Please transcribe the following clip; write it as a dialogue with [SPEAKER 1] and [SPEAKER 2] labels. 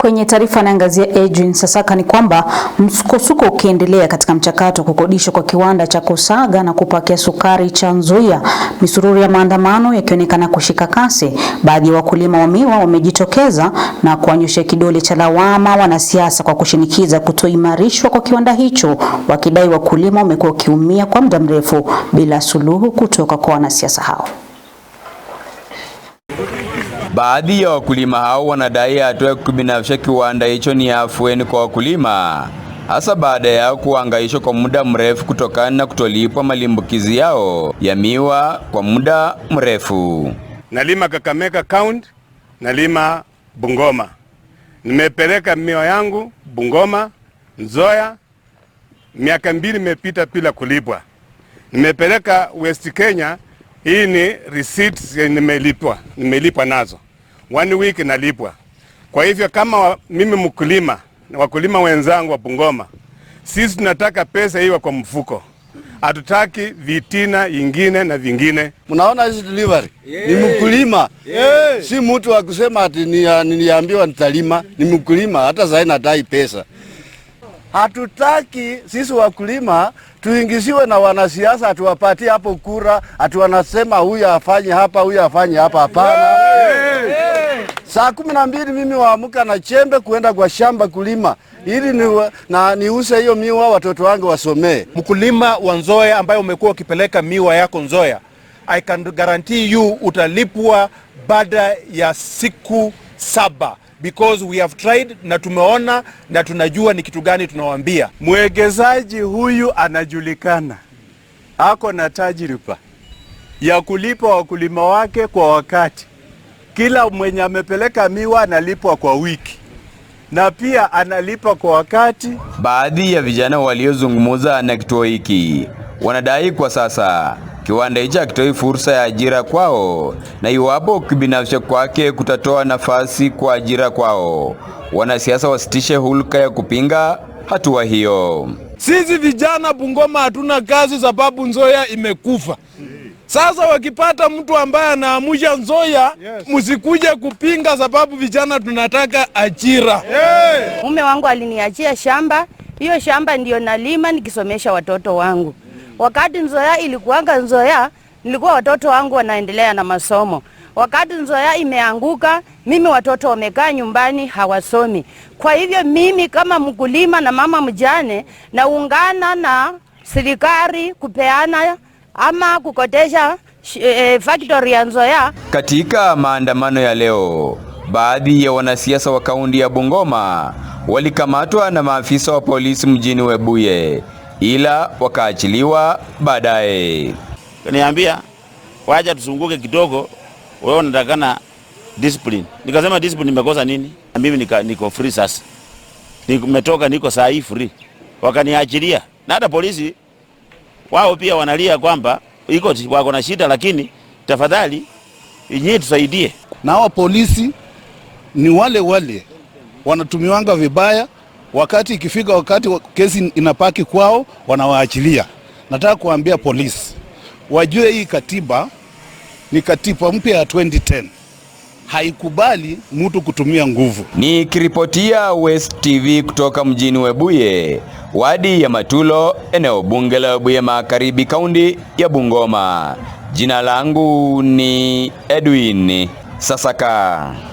[SPEAKER 1] Kwenye taarifa anaangazia Edwin Sasaka ni kwamba msukosuko ukiendelea katika mchakato wa kukodishwa kwa kiwanda cha kusaga na kupakia sukari cha Nzoia, misururu ya maandamano yakionekana kushika kasi. Baadhi ya wakulima wa miwa wamejitokeza na kuwanyoshea kidole cha lawama wanasiasa kwa kushinikiza kutoimarishwa kwa kiwanda hicho, wakidai wakulima wamekuwa wakiumia kwa muda mrefu bila suluhu kutoka kwa wanasiasa hao.
[SPEAKER 2] Baadhi ya wakulima hao wanadai hatua ya kukibinafsha kiwanda hicho ni afueni kwa wakulima, hasa baada ya kuhangaishwa kwa muda mrefu kutokana na kutolipwa malimbukizi yao ya miwa kwa muda mrefu.
[SPEAKER 3] Nalima Kakamega County, nalima Bungoma, nimepeleka miwa yangu Bungoma, Nzoya, miaka mbili imepita bila kulipwa. Nimepeleka West Kenya hii ni receipts nimelipwa, nimelipwa nazo one week nalipwa. Kwa hivyo kama wa, mimi mkulima na wakulima wenzangu wa Bungoma, sisi tunataka pesa hiyo kwa mfuko, hatutaki vitina ingine na vingine.
[SPEAKER 4] Mnaona hizi delivery yeah. Ni mkulima yeah. Si mtu wa kusema ati ah, niliambiwa nitalima, ni mkulima. Hata sasa natai pesa, hatutaki sisi wakulima tuingiziwe na wanasiasa atuwapatie hapo kura, wanasema huyu afanye hapa, huyu afanye hapa. Hapana. Saa kumi na mbili mimi waamuka na chembe kuenda kwa shamba kulima ili na niuse hiyo miwa watoto wangu wasomee.
[SPEAKER 5] Mkulima wa nzoya ambaye umekuwa ukipeleka miwa yako nzoya I can guarantee you utalipwa baada ya siku saba because we have tried na tumeona na tunajua ni kitu gani tunawaambia.
[SPEAKER 6] mwegezaji huyu anajulikana, ako na tajriba ya kulipa wakulima wake kwa wakati. Kila mwenye amepeleka miwa analipwa kwa wiki na pia analipa kwa wakati.
[SPEAKER 2] Baadhi ya vijana waliozungumza na kituo hiki wanadai kwa sasa Kiwanda hicho hakitoi fursa ya ajira kwao, na iwapo kibinafsi kwake kutatoa nafasi kwa ajira kwao, wanasiasa wasitishe hulka ya kupinga hatua hiyo.
[SPEAKER 7] Sisi vijana Bungoma hatuna kazi, sababu Nzoia imekufa. Sasa wakipata mtu ambaye anaamusha Nzoia, yes. Msikuje kupinga sababu vijana tunataka ajira.
[SPEAKER 8] Mume wangu aliniachia shamba, hiyo shamba ndiyo nalima nikisomesha watoto wangu. Wakati Nzoia ilikuanga Nzoia, nilikuwa watoto wangu wanaendelea na masomo. Wakati Nzoia imeanguka, mimi watoto wamekaa nyumbani hawasomi. Kwa hivyo mimi kama mkulima na mama mjane, naungana na serikali kupeana ama kukotesha e, factory ya Nzoia.
[SPEAKER 2] Katika maandamano ya leo, baadhi ya wanasiasa wa kaunti ya Bungoma walikamatwa na maafisa wa polisi mjini Webuye ila wakaachiliwa baadaye.
[SPEAKER 9] Kaniambia waja tuzunguke kidogo, wewe unatakana discipline. Nikasema discipline nimekosa nini? Mimi nika, niko free sasa, nimetoka niko saa hii free, wakaniachilia. Na hata polisi wao pia wanalia kwamba iko wako na shida, lakini tafadhali nyinyi tusaidie.
[SPEAKER 10] Na hawa polisi ni wale wale wanatumiwanga vibaya wakati ikifika wakati kesi inapaki kwao wanawaachilia. Nataka kuambia polisi wajue hii katiba ni katiba mpya ya 2010 haikubali mtu kutumia nguvu.
[SPEAKER 2] kiripotia West TV kutoka mjini Webuye, wadi ya Matulo, eneo bunge la Webuye Magharibi, kaunti ya Bungoma. Jina langu ni Edwin Sasaka.